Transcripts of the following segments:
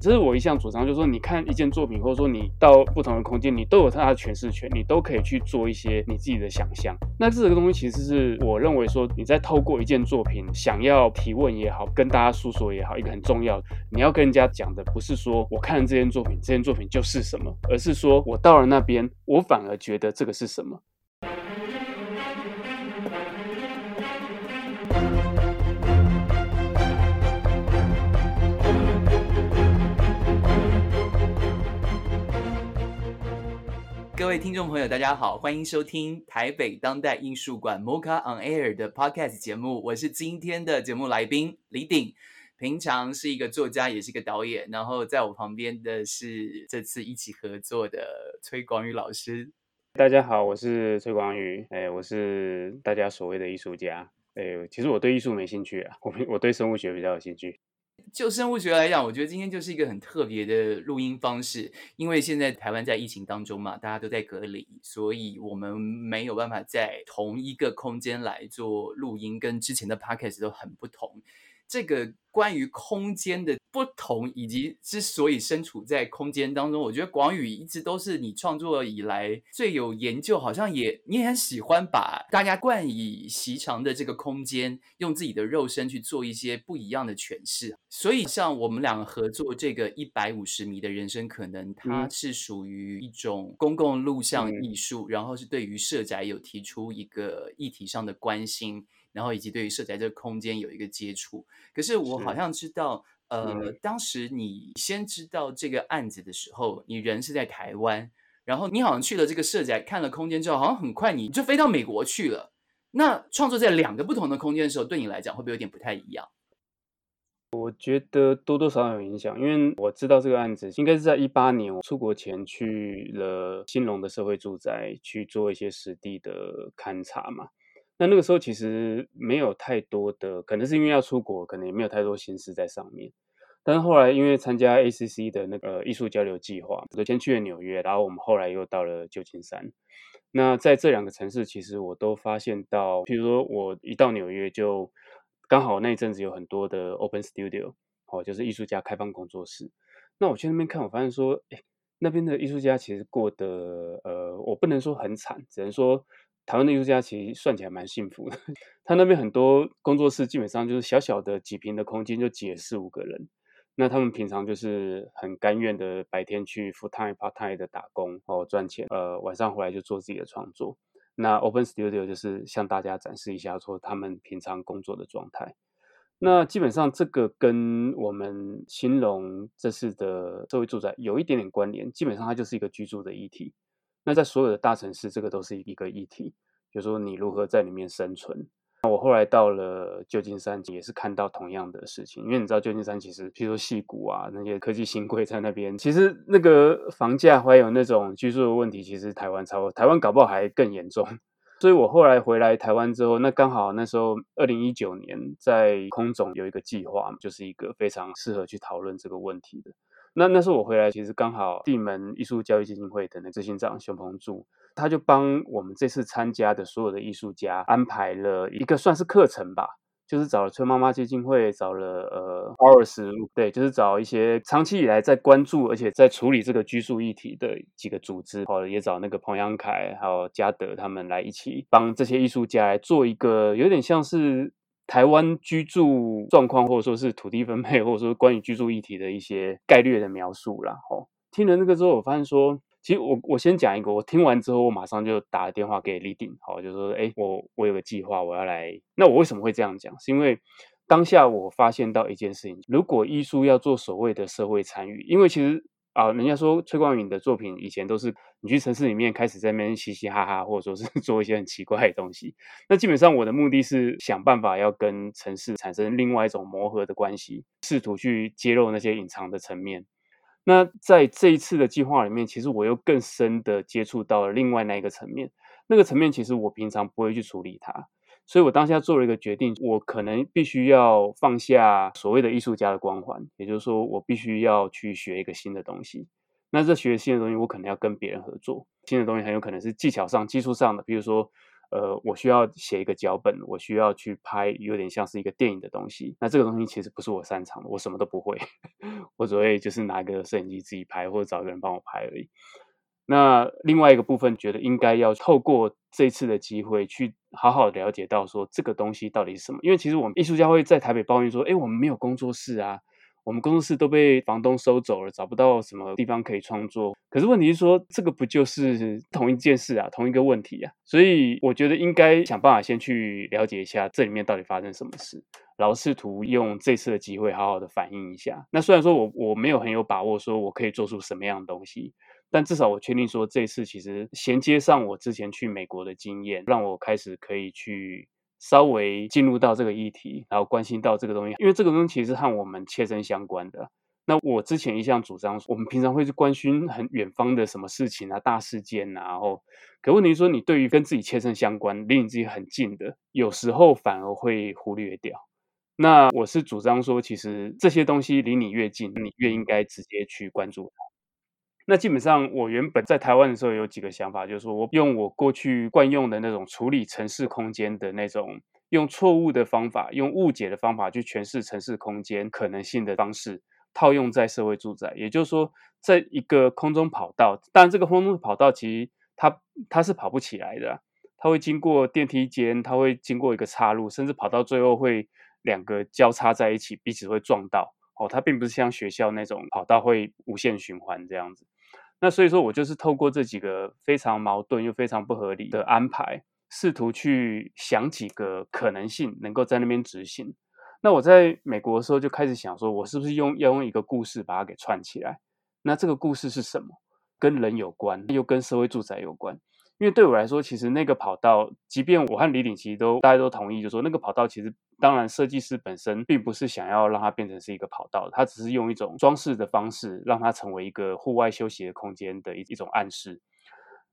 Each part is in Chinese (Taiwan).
這是我一向主張，就是說，你看一件作品，或者說你到不同的空間，你都有它的詮釋權，你都可以去做一些你自己的想象。那這個東西其實是我認為說，你在透過一件作品想要提問也好，跟大家訴說也好，一個很重要的，你要跟人家講的不是說我看了這件作品，這件作品就是什麼，而是說我到了那邊，我反而覺得這個是什麼。各位聽眾朋友，大家好，歡迎收聽臺北當代藝術館 MoCA on Air 的 Podcast 節目。我是今天的節目來賓李鼎，平常是一個作家，也是一個導演。然後在我旁邊的是這次一起合作的崔廣宇老師。大家好，我是崔廣宇，哎，我是大家所謂的藝術家，哎，其實我對藝術沒興趣啊，我我對生物學比較有興趣。就生物學來講，我覺得今天就是一個很特別的錄音方式，因為現在台灣在疫情當中嘛，大家都在隔離，所以我們沒有辦法在同一個空間來做錄音，跟之前的 podcast 都很不同。這個。關於空間的不同，以及之所以身處在空間當中，我覺得廣宇一直都是你創作以來最有研究，好像也你也很喜歡把大家慣以習常的這個空間，用自己的肉身去做一些不一樣的詮釋。所以，像我們兩個合作這個一百五十米的人生可能，它是屬於一種公共錄像藝術，然後是對於社宅有提出一個議題上的關心，然後以及對於社宅這個空間有一個接觸。可是我。好像知道，呃，嗯、當時你先知道這個案子的時候，你人是在台灣，然後你好像去了這個社宅看了空間之後，好像很快你就飛到美國去了。那創作在兩個不同的空間的時候，對你來講會不會有點不太一樣？我覺得多多少少有影響，因為我知道這個案子應該是在一八年我出國前去了興隆的社會住宅去做一些實地的勘察嘛。那那個時候其實沒有太多的，可能是因為要出國，可能也沒有太多心思在上面。但是後來因為參加 ACC 的那個，呃，藝術交流計劃，我就先去了紐約，然後我們後來又到了舊金山。那在這兩個城市，其實我都發現到，譬如說我一到紐約就剛好那一陣子有很多的 Open Studio，哦，就是藝術家開放工作室。那我去那邊看，我發現說，哎，那邊的藝術家其實過得，呃，我不能說很慘，只能說。台灣的藝術家其實算起來蠻幸福的，他那邊很多工作室基本上就是小小的幾坪，的空間就擠了四五個人，那他們平常就是很甘願的白天去 full time part time 的打工然後，賺錢，呃，晚上回來就做自己的創作。那 open studio 就是向大家展示一下說他們平常工作的狀態。那基本上這個跟我們興隆這次的社會住宅有一點點關聯，基本上它就是一個居住的議題。那在所有的大城市，這個都是一個議題，就說你如何在裡面生存。那我後來到了舊金山，也是看到同樣的事情。因為你知道舊金山其實，譬如說矽谷啊，那些科技新貴在那邊，其實那個房價還有那種居住的問題，其實台灣超台灣搞不好還更嚴重。所以我後來回來台灣之後，那剛好那時候二零一九年在空總有一個計劃，就是一個非常適合去討論這個問題的。那那時候我回來，其實剛好帝門藝術教育基金會的那個執行長熊鵬柱，他就幫我們這次參加的所有的藝術家安排了一個算是課程吧，就是找了崔媽媽基金會，找了呃 OURs，ours, 對，就是找一些長期以來在關注而且在處理這個居住議題的幾個組織，好了，也找那個彭揚凱還有家德他們來一起幫這些藝術家來做一個有點像是。台灣居住狀況，或者說是土地分配，或者說關於居住議題的一些概略的描述，然後聽了那個之後，我發現說，其實我我先講一個，我聽完之後，我馬上就打了電話給李鼎，好，就說，哎、欸，我我有個計劃，我要來。那我為什麼會這樣講？是因為當下我發現到一件事情，如果藝術要做所謂的社會參與，因為其實。啊，人家說崔廣宇的作品以前都是你去城市裡面開始在那邊嘻嘻哈哈，或者說是做一些很奇怪的東西。那基本上我的目的是想辦法要跟城市產生另外一種磨合的關係，試圖去揭露那些隱藏的層面。那在這一次的計劃裡面，其實我又更深的接觸到了另外那一個層面。那個層面其實我平常不會去處理它。所以我當下做了一個決定，我可能必須要放下所謂的藝術家的光環，也就是說，我必須要去學一個新的東西。那這學新的東西，我可能要跟別人合作。新的東西很有可能是技巧上、技術上的，比如說，呃，我需要寫一個腳本，我需要去拍有點像是一個電影的東西。那這個東西其實不是我擅長的，我什麼都不會， 我只會就是拿一個攝影機自己拍，或者找一個人幫我拍而已。那另外一個部分，覺得應該要透過這次的機會，去好好了解到說這個東西到底是什麼。因為其實我們藝術家會在台北抱怨說：“誒，我們沒有工作室啊，我們工作室都被房東收走了，找不到什麼地方可以創作。”可是問題是說，這個不就是同一件事啊，同一個問題啊？所以我覺得應該想辦法先去了解一下這裡面到底發生什麼事，然後試圖用這次的機會好好的反映一下。那雖然說我我沒有很有把握，說我可以做出什麼樣的東西。但至少我確定說，這一次其實銜接上我之前去美國的經驗，讓我開始可以去稍微進入到這個議題，然後關心到這個東西，因為這個東西其實和我們切身相關的。那我之前一向主張，我們平常會去關心很遠方的什麼事情啊、大事件啊，然後可問題是說，你對於跟自己切身相關、離你自己很近的，有時候反而會忽略掉。那我是主張說，其實這些東西離你越近，你越應該直接去關注它。那基本上，我原本在台灣的時候有幾個想法，就是說我用我過去慣用的那種處理城市空間的那種，用錯誤的方法、用誤解的方法去詮釋城市空間可能性的方式，套用在社會住宅，也就是說，在一個空中跑道，當然這個空中跑道其實它它是跑不起來的啊，它會經過電梯間，它會經過一個岔路，甚至跑到最後會兩個交叉在一起，彼此會撞到。哦，它並不是像學校那種跑道會無限循環這樣子。那所以說，我就是透過這幾個非常矛盾又非常不合理的安排，試圖去想幾個可能性，能夠在那邊執行。那我在美國的時候就開始想，說我是不是用要用一個故事把它給串起來？那這個故事是什麼？跟人有關，又跟社會住宅有關。因為對我來說，其實那個跑道，即便我和李鼎其實都大家都同意，就是說那個跑道其實，當然設計師本身並不是想要讓它變成是一個跑道，它只是用一種裝飾的方式讓它成為一個戶外休息的空間的一一種暗示。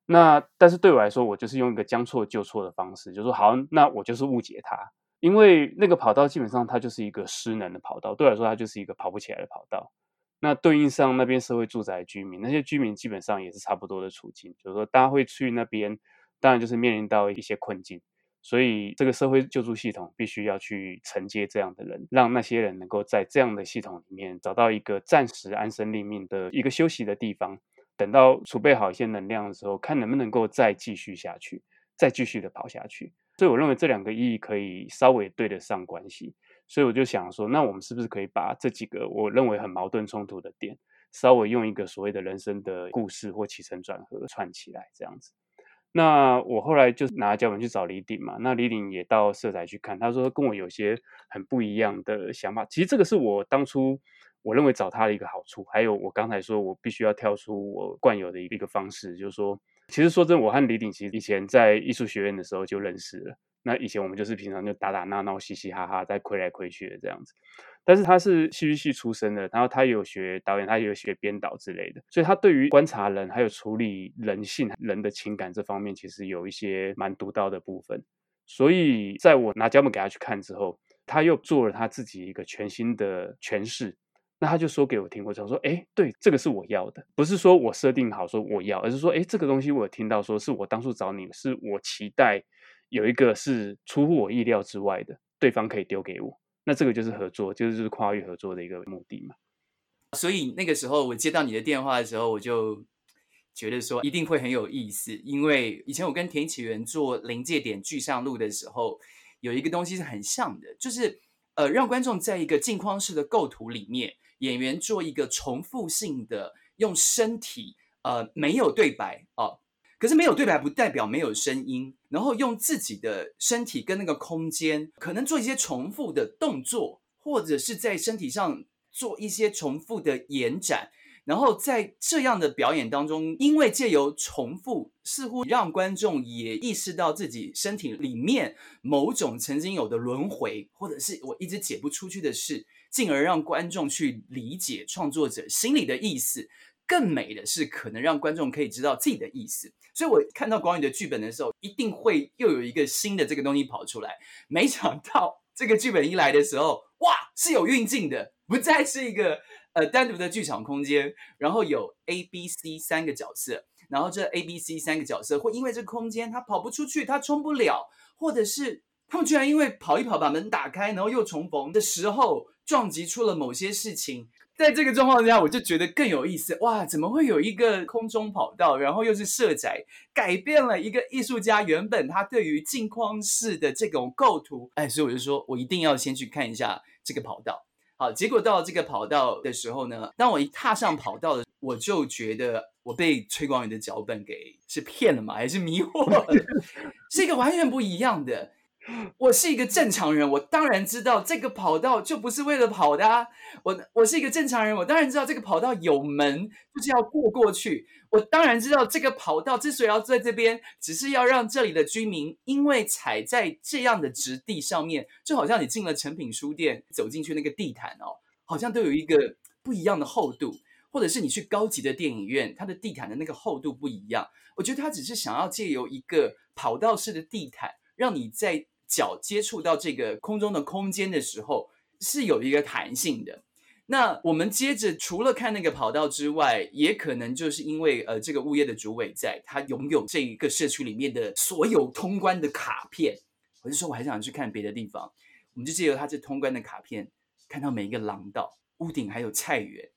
那但是對我來說，我就是用一個將錯就錯的方式，就是說，好，那我就是誤解它，因為那個跑道基本上它就是一個失能的跑道，對我來說它就是一個跑不起來的跑道。那對應上那邊社會住宅居民，那些居民基本上也是差不多的處境，比如說大家會去那邊，當然就是面臨到一些困境，所以這個社會救助系統必須要去承接這樣的人，讓那些人能夠在這樣的系統裡面找到一個暫時安身立命的一個休息的地方，等到儲備好一些能量的時候，看能不能夠再繼續下去，再繼續的跑下去。所以我認為這兩個意義可以稍微對得上關係。所以我就想說，那我們是不是可以把這幾個我認為很矛盾衝突的點，稍微用一個所謂的人生的故事或起承轉合串起來這樣子？那我後來就拿腳本去找李鼎嘛，那李鼎也到社宅去看，他說他跟我有些很不一樣的想法。其實這個是我當初我認為找他的一個好處，還有我剛才說我必須要跳出我慣有的一個方式，就是說，其實說真的，我和李鼎其實以前在藝術學院的時候就認識了。那以前我們就是平常就打打鬧鬧、嘻嘻哈哈，在虧來虧去的這樣子。但是他是戲劇系出身的，然後他也有學導演，他也有學編導之類的，所以他對於觀察人，還有處理人性、人的情感這方面，其實有一些蠻獨到的部分。所以在我拿腳本給他去看之後，他又做了他自己一個全新的詮釋。那他就說給我聽，我就想說：“哎、欸，對，這個是我要的，不是說我設定好說我要，而是說，哎、欸，這個東西我有聽到說是我當初找你，是我期待。”有一個是出乎我意料之外的，對方可以丟給我，那這個就是合作，就是跨域合作的一個目的嘛。所以那個時候我接到你的電話的時候，我就覺得說一定會很有意思，因為以前我跟田啓元做《臨界點劇象錄》的時候，有一個東西是很像的，就是呃，讓觀眾在一個鏡框式的構圖裡面，演員做一個重複性的用身體，呃，沒有對白、哦可是沒有對白不代表沒有聲音，然後用自己的身體跟那個空間，可能做一些重複的動作，或者是在身體上做一些重複的延展，然後在這樣的表演當中，因為借由重複，似乎讓觀眾也意識到自己身體裡面某種曾經有的輪迴，或者是我一直解不出去的事，進而讓觀眾去理解創作者心裡的意思。更美的是，可能讓觀眾可以知道自己的意思。所以我看到廣宇的劇本的時候，一定會又有一個新的這個東西跑出來。沒想到這個劇本一來的時候，哇，是有運鏡的，不再是一個呃單獨的劇場空間，然後有 A、B、C 三個角色，然後這 A、B、C 三個角色會因為這個空間它跑不出去，它衝不了，或者是他們居然因為跑一跑把門打開，然後又重逢的時候撞擊出了某些事情。在這個狀況之下，我就覺得更有意思哇！怎麼會有一個空中跑道，然後又是社宅，改變了一個藝術家原本他對於鏡框式的這種構圖？哎，所以我就說，我一定要先去看一下這個跑道。好，結果到這個跑道的時候呢，當我一踏上跑道的時候，我就覺得我被崔廣宇的腳本給是騙了嗎？還是迷惑了？ 是一個完全不一樣的。我是一個正常人，我當然知道這個跑道就不是為了跑的啊。我我是一個正常人，我當然知道這個跑道有門，就是要過過去。我當然知道這個跑道之所以要坐在這邊，只是要讓這裡的居民因為踩在這樣的質地上面，就好像你進了誠品書店走進去那個地毯哦，好像都有一個不一樣的厚度，或者是你去高級的電影院，它的地毯的那個厚度不一樣。我覺得它只是想要借由一個跑道式的地毯，讓你在。腳接觸到這個空中的空間的時候，是有一個彈性的。那我們接着除了看那個跑道之外，也可能就是因為呃，這個物業的主委在，他擁有這一個社區裡面的所有通關的卡片。我就說我還想去看別的地方，我們就借由他這通關的卡片，看到每一個廊道、屋頂還有菜園。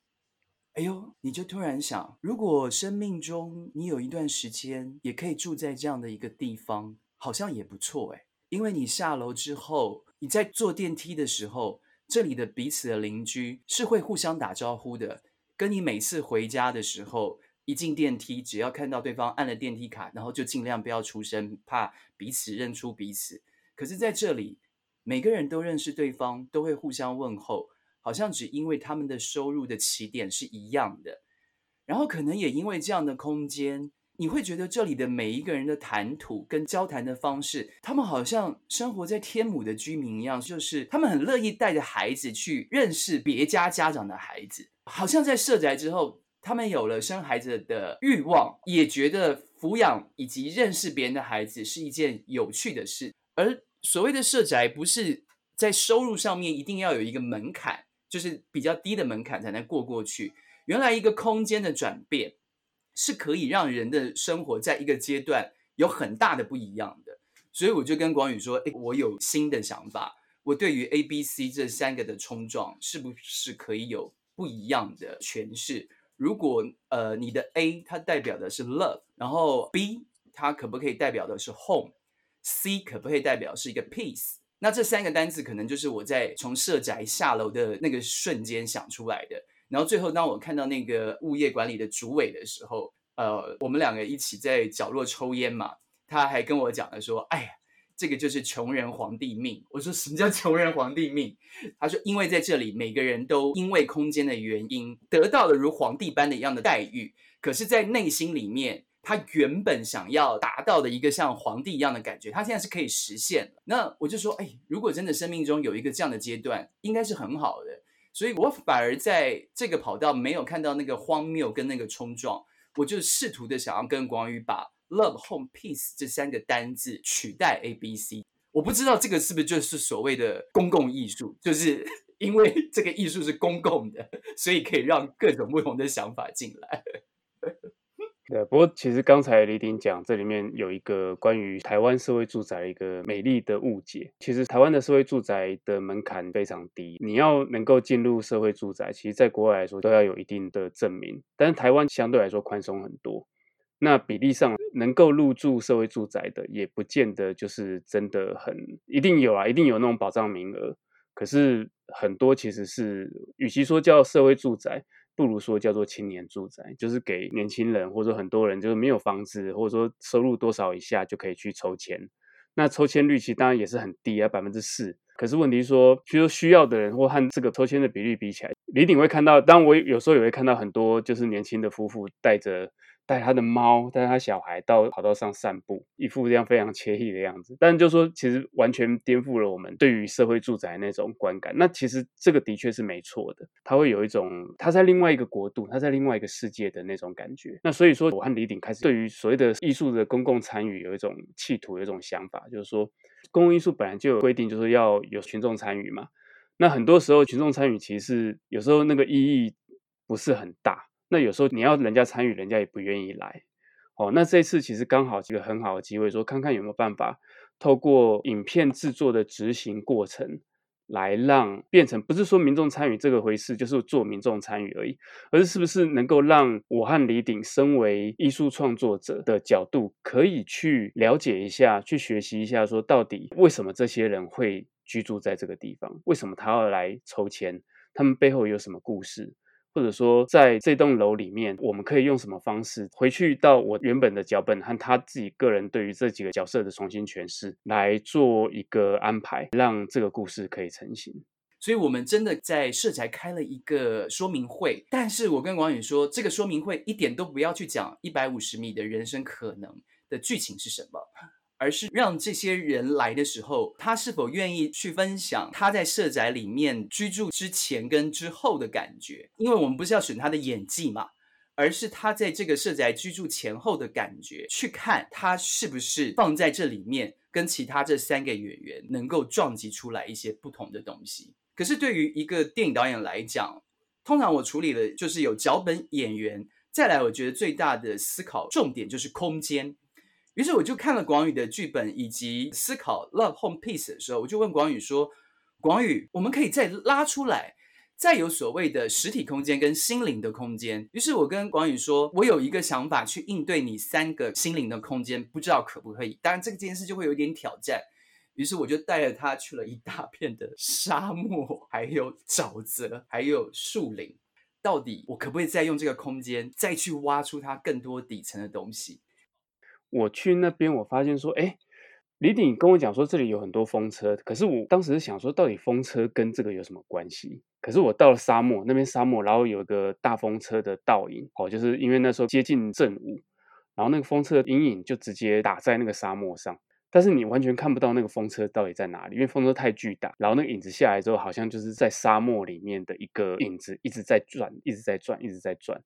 哎呦，你就突然想，如果生命中你有一段時間也可以住在這樣的一個地方，好像也不錯哎、欸。因為你下樓之後，你在坐電梯的時候，這裡的彼此的鄰居是會互相打招呼的。跟你每次回家的時候，一進電梯，只要看到對方按了電梯卡，然後就盡量不要出聲，怕彼此認出彼此。可是在這裡，每個人都認識對方，都會互相問候，好像只因為他們的收入的起點是一樣的，然後可能也因為這樣的空間。你會覺得這裡的每一個人的談吐跟交談的方式，他們好像生活在天母的居民一樣，就是他們很樂意帶着孩子去認識別家家長的孩子，好像在社宅之後，他們有了生孩子的欲望，也覺得撫養以及認識別人的孩子是一件有趣的事。而所謂的社宅，不是在收入上面一定要有一個門檻，就是比較低的門檻才能過過去。原來一個空間的轉變，是可以讓人的生活在一個階段有很大的不一樣的，所以我就跟廣宇說誒：“我有新的想法，我對於 A、B、C 這三個的衝撞是不是可以有不一樣的詮釋？如果呃，你的 A 它代表的是 love，然後 B 它可不可以代表的是 home，C 可不可以代表的是一個 peace？那這三個單詞可能就是我在從社宅下樓的那個瞬間想出來的。”然後最後，當我看到那個物業管理的主委的時候，呃，我們兩個一起在角落抽煙嘛，他還跟我講了說：“哎呀，這個就是窮人皇帝命。”我說：“什麼叫窮人皇帝命？”他說：“因為在這裡，每個人都因為空間的原因，得到了如皇帝般的一樣的待遇。可是，在內心裡面，他原本想要達到的一個像皇帝一樣的感覺，他現在是可以實現了。”那我就說：“哎，如果真的生命中有一個這樣的階段，應該是很好的。”所以我反而在這個跑道沒有看到那個荒謬跟那個衝撞，我就試圖的想要跟廣宇把 Love, Home, Peace 這三個單字取代 ABC。我不知道這個是不是就是所謂的公共藝術，就是因為這個藝術是公共的，所以可以讓各種不同的想法進來。對，不過其實剛才李鼎講，這裡面有一個關於台灣社會住宅一個美麗的誤解。其實台灣的社會住宅的門檻非常低，你要能夠進入社會住宅，其實，在國外來說都要有一定的證明，但是台灣相對來說寬鬆很多。那比例上能夠入住社會住宅的，也不見得就是真的很一定有啊，一定有那種保障名額。可是很多其實是，與其說叫社會住宅。不如說叫做青年住宅，就是給年輕人或者很多人，就是沒有房子或者說收入多少以下就可以去抽籤。那抽籤率其實當然也是很低啊，百分之四。可是問題是說，其實需要的人或和這個抽籤的比率比起來，你一定會看到。當然，我有時候也會看到很多就是年輕的夫婦帶着。帶他的貓，帶他小孩到跑道上散步，一副這樣非常愜意的樣子。但就是說，其實完全顛覆了我們對於社會住宅那種觀感。那其實這個的確是沒錯的，他會有一種他在另外一個國度，他在另外一個世界的那種感覺。那所以說，我和李鼎開始對於所謂的藝術的公共參與有一種企圖，有一種想法，就是說，公共藝術本來就有規定，就是要有群眾參與嘛。那很多時候，群眾參與其實有時候那個意義不是很大。那有時候你要人家參與，人家也不願意來。哦，那這一次其實剛好是一個很好的機會說，說看看有沒有辦法透過影片制作的執行過程，來讓變成不是說民眾參與這個回事，就是做民眾參與而已，而是是不是能夠讓我和李鼎身為藝術創作者的角度，可以去了解一下，去學習一下，說到底為什麼這些人會居住在這個地方？為什麼他要來籌錢？他們背後有什麼故事？或者說，在這棟樓裡面，我們可以用什麼方式回去到我原本的腳本和他自己個人對於這幾個角色的重新詮釋，來做一個安排，讓這個故事可以成型。所以，我們真的在社宅開了一個說明會，但是我跟廣宇說，這個說明會一點都不要去講一百五十米的人生可能的劇情是什麼。而是讓這些人來的時候，他是否願意去分享他在社宅裡面居住之前跟之後的感覺？因為我們不是要選他的演技嘛，而是他在這個社宅居住前後的感覺，去看他是不是放在這裡面，跟其他這三個演員能夠撞擊出來一些不同的東西。可是對於一個電影導演來講，通常我處理的就是有腳本演員，再來我覺得最大的思考重點就是空間。於是我就看了廣宇的劇本，以及思考《Love Home Peace》的時候，我就問廣宇說：“廣宇，我們可以再拉出來，再有所謂的實體空間跟心靈的空間。”於是，我跟廣宇說：“我有一個想法去應對你三個心靈的空間，不知道可不可以？當然，這個這件事就會有點挑戰。”於是，我就帶着他去了一大片的沙漠，還有沼澤，還有樹林。到底我可不可以再用這個空間，再去挖出它更多底層的東西？我去那邊，我發現說，哎，李鼎跟我講說，這裡有很多風車。可是我當時想說，到底風車跟這個有什麼關係？可是我到了沙漠那邊，沙漠然後有一個大風車的倒影，哦，就是因為那時候接近正午，然後那個風車的陰影就直接打在那個沙漠上，但是你完全看不到那個風車到底在哪裡，因為風車太巨大，然後那個影子下來之後，好像就是在沙漠裡面的一個影子，一直在轉，一直在轉，一直在轉。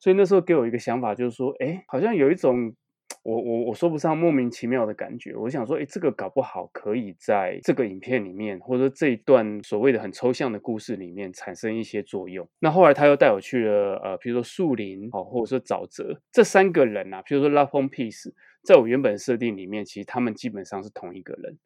所以那時候給我一個想法，就是說，哎，好像有一種。我我我說不上莫名其妙的感覺，我想說，哎，這個搞不好可以在這個影片裡面，或者說這一段所謂的很抽象的故事裡面產生一些作用。那後來他又帶我去了，呃，比如說樹林哦，或者說沼澤。這三個人啊，比如說 Love Home Peace，在我原本設定裡面，其實他們基本上是同一個人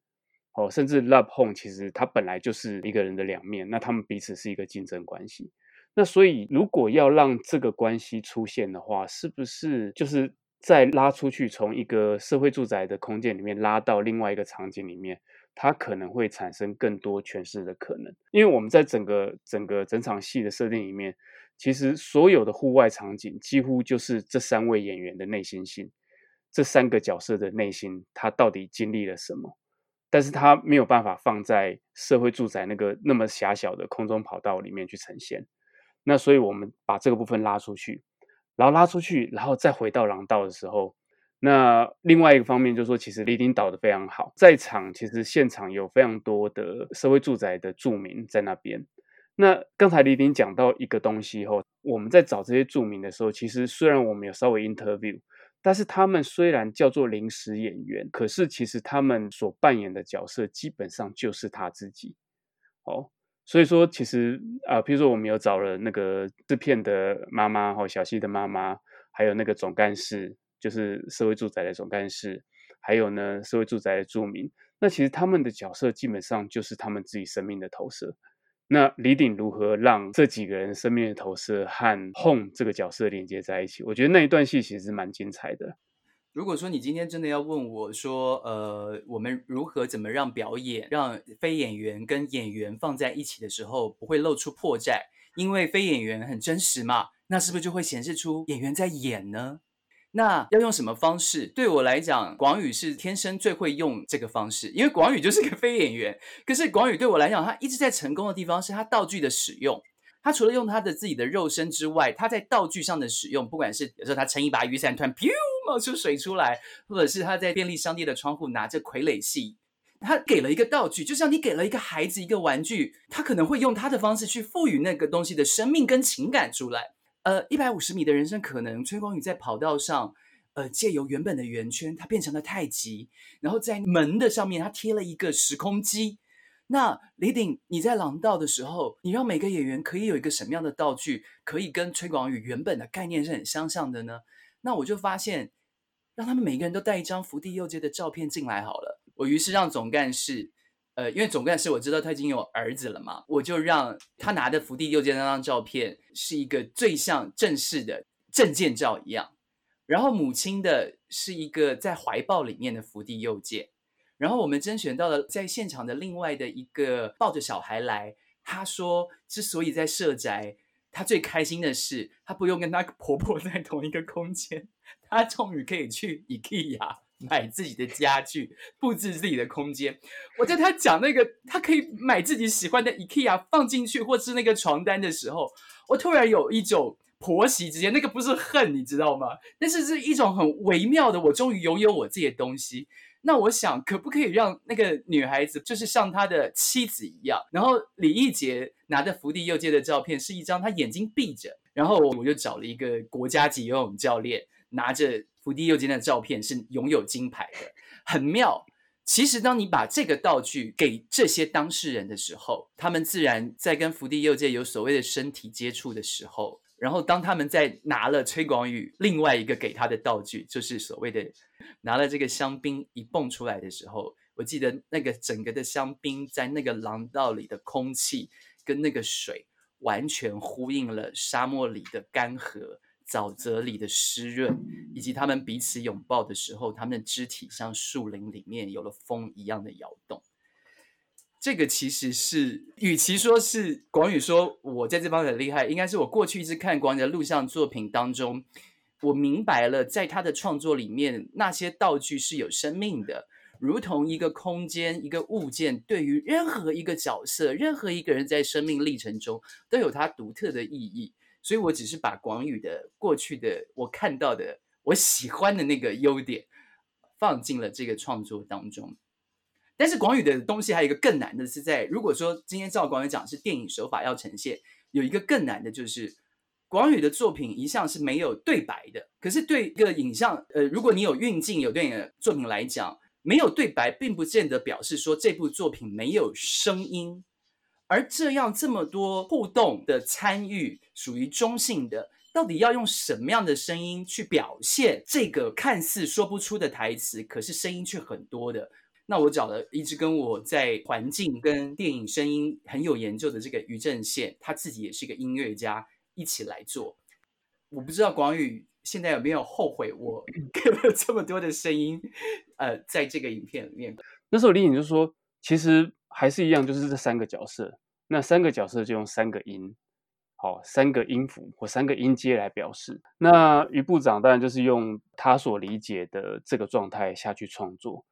哦，甚至 Love Home 其實他本來就是一個人的兩面，那他們彼此是一個競爭關係。那所以如果要讓這個關係出現的話，是不是就是？再拉出去，從一個社會住宅的空間裡面拉到另外一個場景裡面，它可能會產生更多詮釋的可能。因為我們在整個整個整場戲的設定裡面，其實所有的戶外場景幾乎就是這三位演員的內心戲，這三個角色的內心，他到底經歷了什麼？但是他沒有辦法放在社會住宅那個那麼狹小的空中跑道裡面去呈現。那所以，我們把這個部分拉出去。然後拉出去，然後再回到廊道的時候，那另外一個方面就是說，其實李鼎導得非常好，在場其實現場有非常多的社會住宅的住民在那邊。那剛才李鼎講到一個東西後，我們在找這些住民的時候，其實雖然我們有稍微 interview，但是他們雖然叫做臨時演員，可是其實他們所扮演的角色基本上就是他自己。Oh. 所以說，其實啊，呃、譬如說我們有找了那個製片的媽媽哈、哦，小溪的媽媽，還有那個總幹事，就是社會住宅的總幹事，還有呢社會住宅的住民。那其實他們的角色基本上就是他們自己生命的投射。那李鼎如何讓這幾個人生命的投射和 Home 這個角色連接在一起？我覺得那一段戲其實是蠻精彩的。如果說你今天真的要問我說，呃，我們如何怎麼讓表演讓非演員跟演員放在一起的時候不會露出破綻？因為非演員很真實嘛，那是不是就會顯示出演員在演呢？那要用什麼方式？對我來講，廣宇是天生最會用這個方式，因為廣宇就是個非演員。可是廣宇對我來講，他一直在成功的地方是他道具的使用。他除了用他的自己的肉身之外，他在道具上的使用，不管是有時候他撐一把雨傘，突然啪冒出水出來，或者是他在便利商店的窗戶拿着傀儡戲，他給了一個道具，就像你給了一個孩子一個玩具，他可能會用他的方式去賦予那個東西的生命跟情感出來。呃，一百五十米的人生可能，崔廣宇在跑道上，呃，借由原本的圓圈，它變成了太極，然後在門的上面，他貼了一個時空機。那李鼎，你在廊道的時候，你讓每個演員可以有一個什麼樣的道具，可以跟崔廣宇原本的概念是很相像的呢？那我就發現，讓他們每個人都帶一張福地祐介的照片進來好了。我於是讓總幹事，呃，因為總幹事我知道他已經有兒子了嘛，我就讓他拿的福地祐介那張照片是一個最像正式的證件照一樣，然後母親的是一個在懷抱裡面的福地祐介。然後我們甄選到了在現場的另外的一個抱着小孩來，他說之所以在社宅，他最開心的是他不用跟他婆婆在同一個空間，他終於可以去 IKEA 買自己的家具，布置自己的空間。我在他講那個他可以買自己喜歡的 IKEA 放進去，或是那個床單的時候，我突然有一種。婆媳之間，那個不是恨，你知道嗎？但是是一種很微妙的我，我終於擁有我自己的東西。那我想，可不可以讓那個女孩子，就是像她的妻子一樣？然後李亦捷拿着福地祐介的照片，是一張他眼睛閉着。然後我就找了一個國家級游泳教練，拿着福地祐介的照片，是擁有金牌的，很妙。其實，當你把這個道具給這些當事人的時候，他們自然在跟福地祐介有所謂的身體接觸的時候。然後，當他們在拿了崔廣宇另外一個給他的道具，就是所謂的拿了這個香檳一蹦出來的時候，我記得那個整個的香檳在那個廊道裡的空氣跟那個水完全呼應了沙漠裡的乾涸、沼澤裡的濕潤，以及他們彼此擁抱的時候，他們的肢體像樹林裡面有了風一樣的搖動。這個其實是，與其說是廣宇說我在這方面很厲害，應該是我過去一直看廣宇的錄像作品當中，我明白了，在他的創作裡面，那些道具是有生命的，如同一個空間、一個物件，對於任何一個角色、任何一個人在生命歷程中，都有它獨特的意義。所以我只是把廣宇的過去的我看到的、我喜歡的那個優點，放進了這個創作當中。但是廣宇的東西還有一個更難的是，在如果說今天照廣宇講是電影手法要呈現，有一個更難的就是廣宇的作品一向是沒有對白的。可是對一個影像，呃，如果你有運鏡有電影作品來講，沒有對白，並不見得表示說這部作品沒有聲音。而這樣這麼多互動的參與，屬於中性的，到底要用什麼樣的聲音去表現這個看似說不出的台詞，可是聲音卻很多的。那我找了一直跟我在環境跟電影聲音很有研究的這個余政憲，他自己也是一個音樂家，一起來做。我不知道廣宇現在有沒有後悔我給了 這麼多的聲音，呃，在這個影片裡面。那時候李穎就說，其實還是一樣，就是這三個角色，那三個角色就用三個音，好，三個音符或三個音階來表示。那余部長當然就是用他所理解的這個狀態下去創作。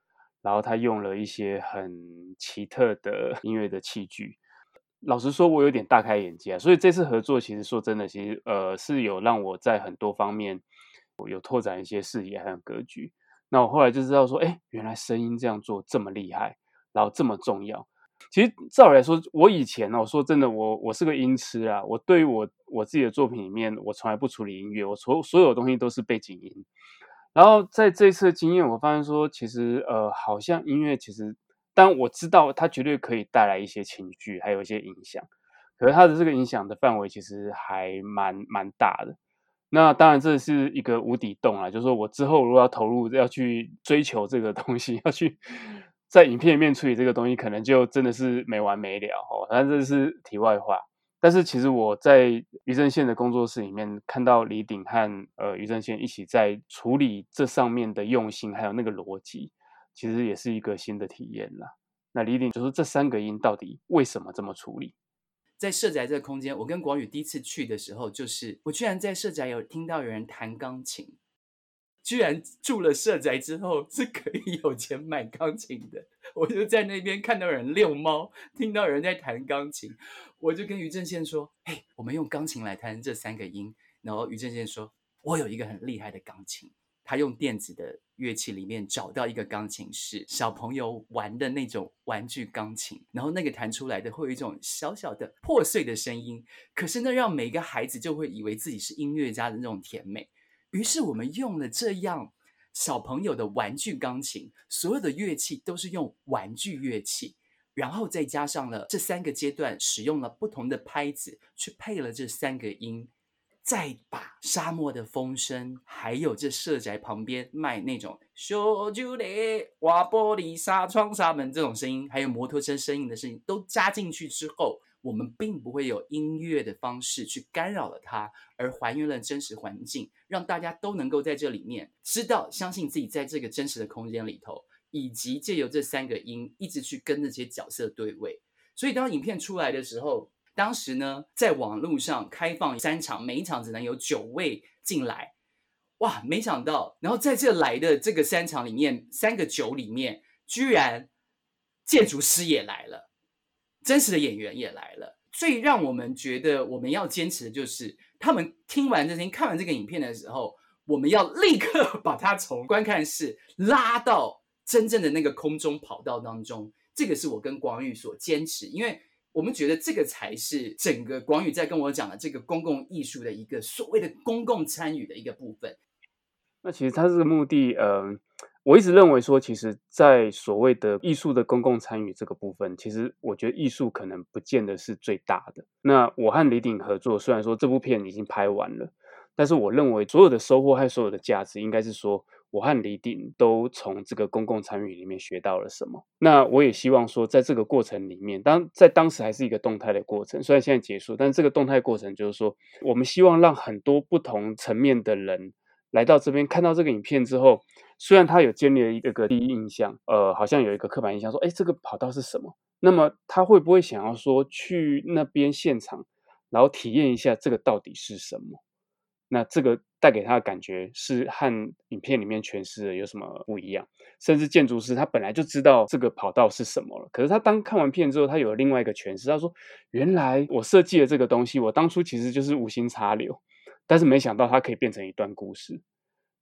然後他用了一些很奇特的音樂的器具，老實說，我有點大開眼界啊！所以這次合作，其實說真的，其實呃是有讓我在很多方面我有拓展一些視野還有格局。那我後來就知道說，哎，原來聲音這樣做這麼厲害，然後這麼重要。其實照理來說，我以前呢、啊，說真的，我我是個音痴啊！我對於我我自己的作品裡面，我從來不處理音樂，我所所有東西都是背景音。然後在這次的經驗，我發現說，其實呃，好像音樂其實，但我知道它絕對可以帶來一些情緒，還有一些影響。可是它的這個影響的範圍其實還蠻蠻大的。那當然這是一個無底洞啊，就是說我之後如果要投入，要去追求這個東西，要去在影片裡面處理這個東西，可能就真的是沒完沒了。哦，但這是題外話。但是其實我在余政憲的工作室裡面看到李鼎和呃余政憲一起在處理這上面的用心，還有那個邏輯，其實也是一個新的體驗了。那李鼎就是說這三個音到底為什麼這麼處理？在社宅這個空間，我跟廣宇第一次去的時候，就是我居然在社宅有聽到有人彈鋼琴。居然住了社宅之後是可以有錢買鋼琴的，我就在那邊看到人遛貓，聽到人在彈鋼琴，我就跟余政憲說：“ 嘿，我們用鋼琴來彈這三個音。”然後余政憲說：“我有一個很厲害的鋼琴，他用電子的樂器裡面找到一個鋼琴是小朋友玩的那種玩具鋼琴，然後那個彈出來的會有一種小小的破碎的聲音，可是那讓每個孩子就會以為自己是音樂家的那種甜美。”於是我們用了這樣小朋友的玩具鋼琴，所有的樂器都是用玩具樂器，然後再加上了這三個階段使用了不同的拍子去配了這三個音，再把沙漠的風聲，還有這社宅旁邊賣那種小酒的挖玻璃、紗窗、紗門這種聲音，還有摩托車聲音的聲音都加進去之後。我們並不會有音樂的方式去干擾了它，而還原了真實環境，讓大家都能夠在這裡面知道、相信自己在這個真實的空間裡頭，以及借由這三個音一直去跟這些角色對位。所以當影片出來的時候，當時呢，在網絡上開放三場，每一場只能有九位進來。哇，沒想到，然後在這來的這個三場裡面，三個九裡面，居然建築師也來了。真實的演員也來了。最讓我們覺得我們要堅持的就是，他們聽完這些看完這個影片的時候，我們要立刻把它從觀看室拉到真正的那個空中跑道當中。這個是我跟廣宇所堅持，因為我們覺得這個才是整個廣宇在跟我講的這個公共藝術的一個所謂的公共參與的一個部分。那其實它這個目的，呃。我一直認為說，其實，在所謂的藝術的公共參與這個部分，其實我覺得藝術可能不見得是最大的。那我和李鼎合作，雖然說這部片已經拍完了，但是我認為所有的收穫和所有的價值，應該是說我和李鼎都從這個公共參與裡面學到了什麼。那我也希望說，在這個過程裡面，當在當時還是一個動態的過程，雖然現在結束，但是這個動態過程就是說，我們希望讓很多不同層面的人。來到這邊看到這個影片之後，雖然他有建立了一個個第一印象，呃，好像有一個刻板印象說，哎、欸，這個跑道是什麼？那麼他會不會想要說去那邊現場，然後體驗一下這個到底是什麼？那這個帶給他的感覺是和影片裡面詮釋的有什麼不一樣？甚至建築師他本來就知道這個跑道是什麼了，可是他當看完片之後，他有另外一個詮釋，他說，原來我設計的這個東西，我當初其實就是無心插柳。但是沒想到它可以變成一段故事。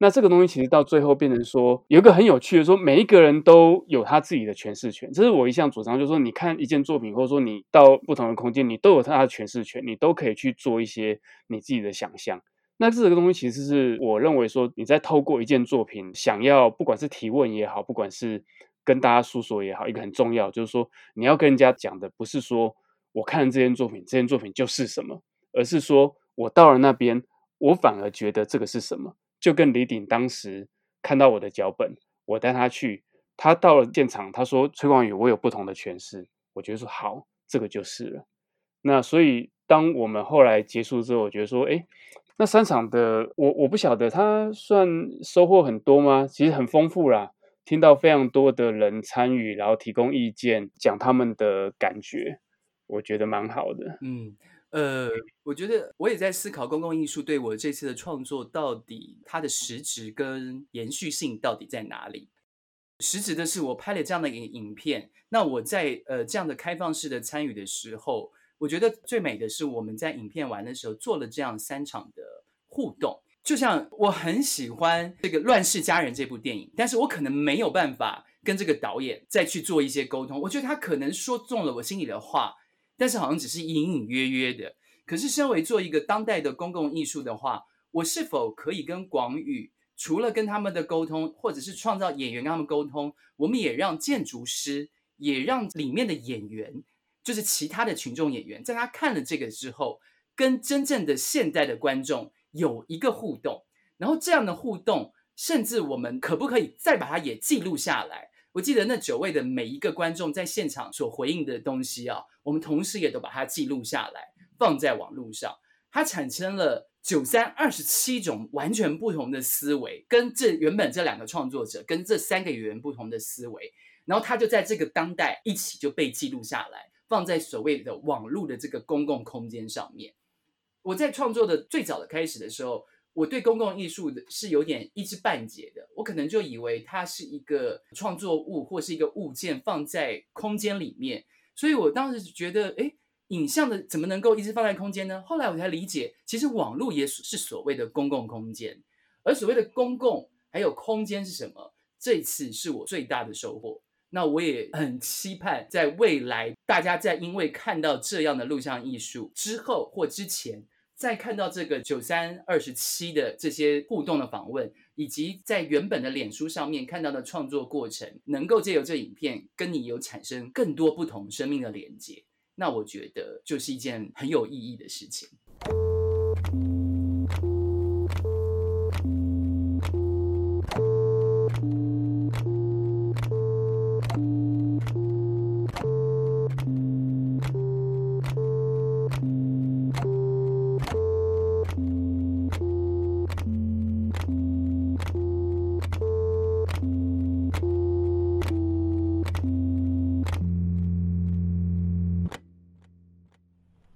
那這個東西其實到最後變成說，有一個很有趣的說，每一個人都有他自己的詮釋權。這是我一向主張，就是說，你看一件作品，或者說你到不同的空間，你都有他的詮釋權，你都可以去做一些你自己的想象。那這個東西其實是我認為說，你在透過一件作品想要，不管是提問也好，不管是跟大家訴說也好，一個很重要就是說，你要跟人家講的不是說我看了這件作品，這件作品就是什麼，而是說我到了那邊。我反而覺得這個是什麼？就跟李鼎當時看到我的腳本，我帶他去，他到了現場，他說崔廣宇，我有不同的詮釋。我覺得說好，這個就是了。那所以，當我們後來結束之後，我覺得說，哎，那三場的我我不曉得他算收穫很多嗎？其實很豐富啦，聽到非常多的人參與，然後提供意見，講他們的感覺，我覺得蠻好的。嗯。呃，我覺得我也在思考公共藝術對我這次的創作到底它的實質跟延續性到底在哪裡。實質的是我拍了這樣的一個影片，那我在呃這樣的開放式的參與的時候，我覺得最美的是我們在影片完的時候做了這樣三場的互動。就像我很喜歡這個《亂世佳人》這部電影，但是我可能沒有辦法跟這個導演再去做一些溝通，我覺得他可能說中了我心裡的話。但是好像只是隱隱約約的。可是，身為做一個當代的公共藝術的話，我是否可以跟廣宇，除了跟他們的溝通，或者是創造演員跟他們溝通，我們也讓建築師，也讓裡面的演員，就是其他的群眾演員，在他看了這個之後，跟真正的現代的觀眾有一個互動。然後，這樣的互動，甚至我們可不可以再把它也記錄下來？我記得那九位的每一個觀眾在現場所回應的東西啊，我們同時也都把它記錄下來，放在網絡上。它產生了九三二十七種完全不同的思維，跟這原本這兩個創作者跟這三個演員不同的思維，然後它就在這個當代一起就被記錄下來，放在所謂的網絡的這個公共空間上面。我在創作的最早的開始的時候。我對公共藝術的是有點一知半解的，我可能就以為它是一個創作物或是一個物件放在空間裡面，所以我當時覺得，誒，影像的怎麼能夠一直放在空間呢？後來我才理解，其實網絡也是所謂的公共空間，而所謂的公共還有空間是什麼？這一次是我最大的收穫，那我也很期盼在未來，大家在因為看到這樣的錄像藝術之後或之前。再看到這個九三二十七的這些互動的訪問，以及在原本的臉書上面看到的創作過程，能夠借由這影片跟你有產生更多不同生命的連接，那我覺得就是一件很有意義的事情。